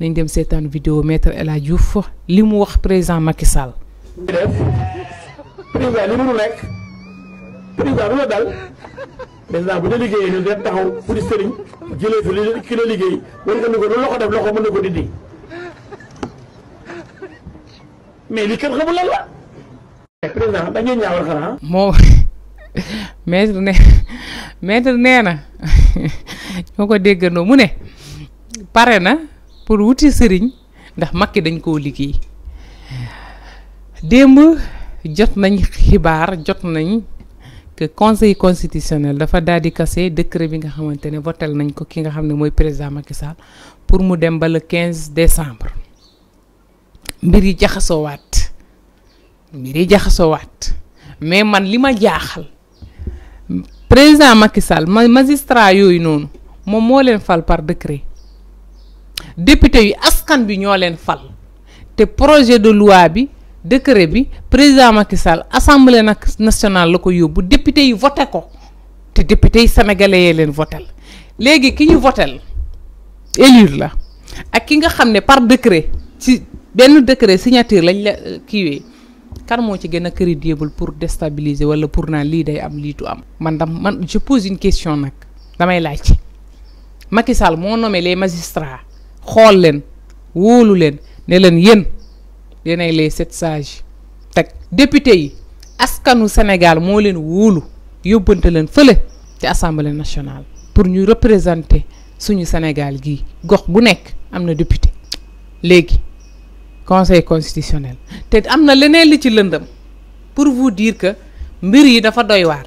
nañ dem seetaan vidéo maître El Hadj Diouf li mu wax président Macky Sall. def président li nekk président du la dal maintenant bu ñu liggéeyee ñun dañ taxaw pour di sëriñ jëlee fi li ki la liggéey war nga ni ko loxo def loxo mën na ko dindi mais li kenn xamul lan la. président dañuy ñaawal xanaa. moo maître ne maître nee na. moo ko déggandoo mu ne pare na pour wuti sëriñ ndax Macky dañ koo liggéey démb jot nañ xibaar jot nañ que conseil constitutionnel dafa daal di casser décret bi nga xamante ne votel nañ ko ki nga xam ne mooy président Macky Sall pour mu dem ba le 15 décembre mbir yi jaxasoowaat mbir yi jaxasoowaat mais man li ma jaaxal président Macky ma magistra yooyu noonu. moom moo leen fal par décret député yu askan bi ñoo leen fal te projet de loi bi décret bi président Macky Sall assemblée national la ko yóbbu député yu vote ko te député yi sénégalais yee leen votel léegi ki ñu votel élire la ak ki nga xam ne par décret si benn décret signature lañ la euh, kiiwee kan moo ci gën a crédible pour déstabiliser wala pour naa lii day am lii am. man dam man je pose une question nag damay laaj. Macky Sall moo nome les magistrats xool leen wóolu leen ne leen yéen yéenay les sept sages teg député yi askanu Sénégal moo leen wóolu yóbbante leen fële ci assemblée nationale pour ñu représenter suñu Sénégal gi gox bu nekk am na député léegi conseil constitutionnel te am na leneen li ci lëndëm pour vous dire que mbir yi dafa doy waar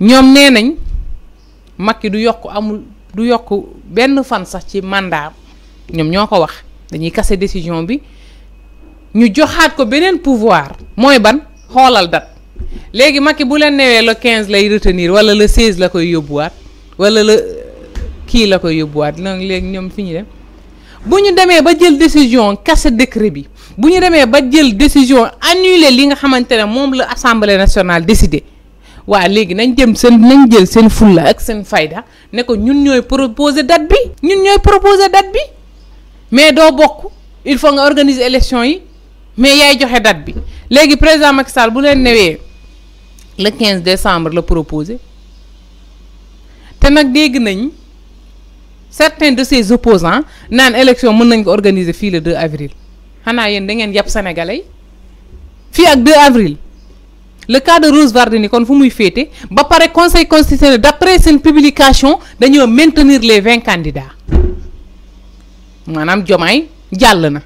ñoom nee nañ Macky du yokk amul. du yokk benn fan sax ci mandat ñoom ñoo ko wax dañuy kase décision bi ñu joxaat ko beneen pouvoir mooy ban xoolal date léegi Macky bu leen newee le 15 lay retenir wala le 16 la koy yóbbuwaat wala le kii la koy yóbbuwaat donc léegi ñoom fi ñu dem bu ñu demee ba jël décision casser décret bi bu ñu demee ba jël décision annuler li nga xamante ne moom la assemblée nationale décidé. Oui, les nañ qui sen nañ jël sen fulla ak sen fayda ne ko ñun ñoy proposer date bi ñun ñoy proposer date bi mais do bokku il faut nga organiser l'élection yi mais yaay joxe date bi le président Macky Sall bu le 15 décembre le proposer té certains de ses opposants une élection mën nañ ko organiser le 2 avril xana yeen da ngeen sénégalais fi ak 2 avril le cas de Rose Vardini, kon fu muy féete ba pare conseil constitutionnel d'après cette publication dañoo maintenir les 20 candidats maanaam Diomaye jàll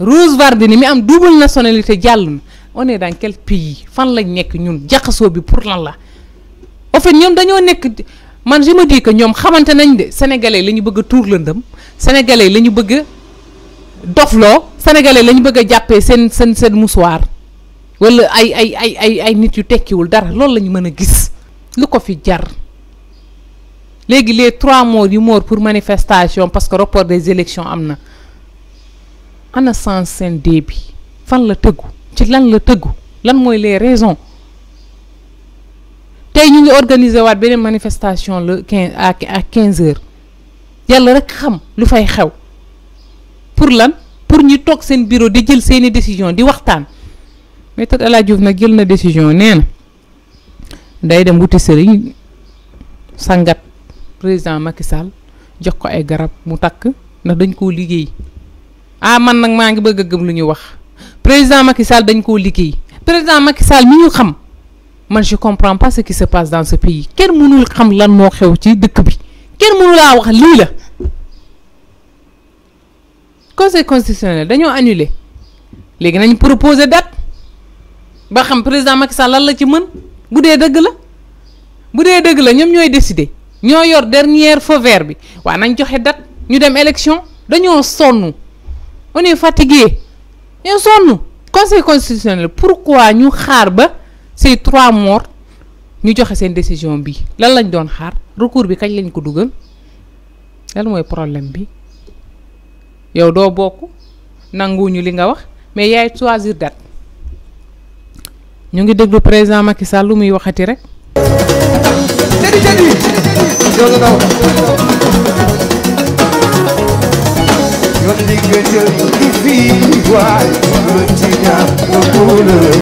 Rose Vardini, mi am double nationalité jàll on est dans quel pays fan la nekk ñun jaxaso bi pour lan la au fait ñom dañoo nek man je me dis que ñom xamanté nañ de sénégalais la bëgg tour tuur lëndëm sénégalais la bëgg a sénégalais lañu bëgg jappé sen sen seen seen wala ay ay ay ay ay nit yu tekkiwul dara loolu la ñu mën a gis lu ko fi jar léegi les trois morts yu mort pour manifestation parce que report des élections am na ana sens seen dee bi fan la tëggu ci lan la tëggu lan mooy les raisons tey ñu ngi organiser waat beneen manifestation le quinze à quinze heures yàlla rek xam lu fay xew pour lan pour ñu toog seen bureau di jël seeni décision di waxtaan mais tat El Hadj Diouf nag jël na décision nee na day dem wuti sëriñ sangat président Macky Sall jox ko ay garab mu takk ndax dañ koo liggéey ah man nag maa ngi bëgg a gëm lu ñu wax président Macky Sall dañ koo liggéey président Macky Sall mi ñu xam man je comprends pas ce qui se passe dans ce pays kenn mënul xam lan moo xew ci dëkk bi kenn mënulaa wax lii la conseil constitutionnel dañoo annulé léegi nañ proposer date ba xam président Macky Sall lan la ci mën bu dee dëgg la bu dee dëgg la ñoom ñooy décider ñoo yor dernier feu vert bi waa nañ joxe date ñu dem élection dañoo sonn on est fatigué ñoo sonn conseil constitutionnel pourquoi ñu xaar ba ces trois morts ñu joxe seen décision bi lan lañ doon xaar recours bi kañ lañ ko dugal lan mooy problème bi yow doo bokk nanguwuñu li nga wax mais yaay choisir date. ñu ngi déglu président Macky Sall lu muy waxati rek.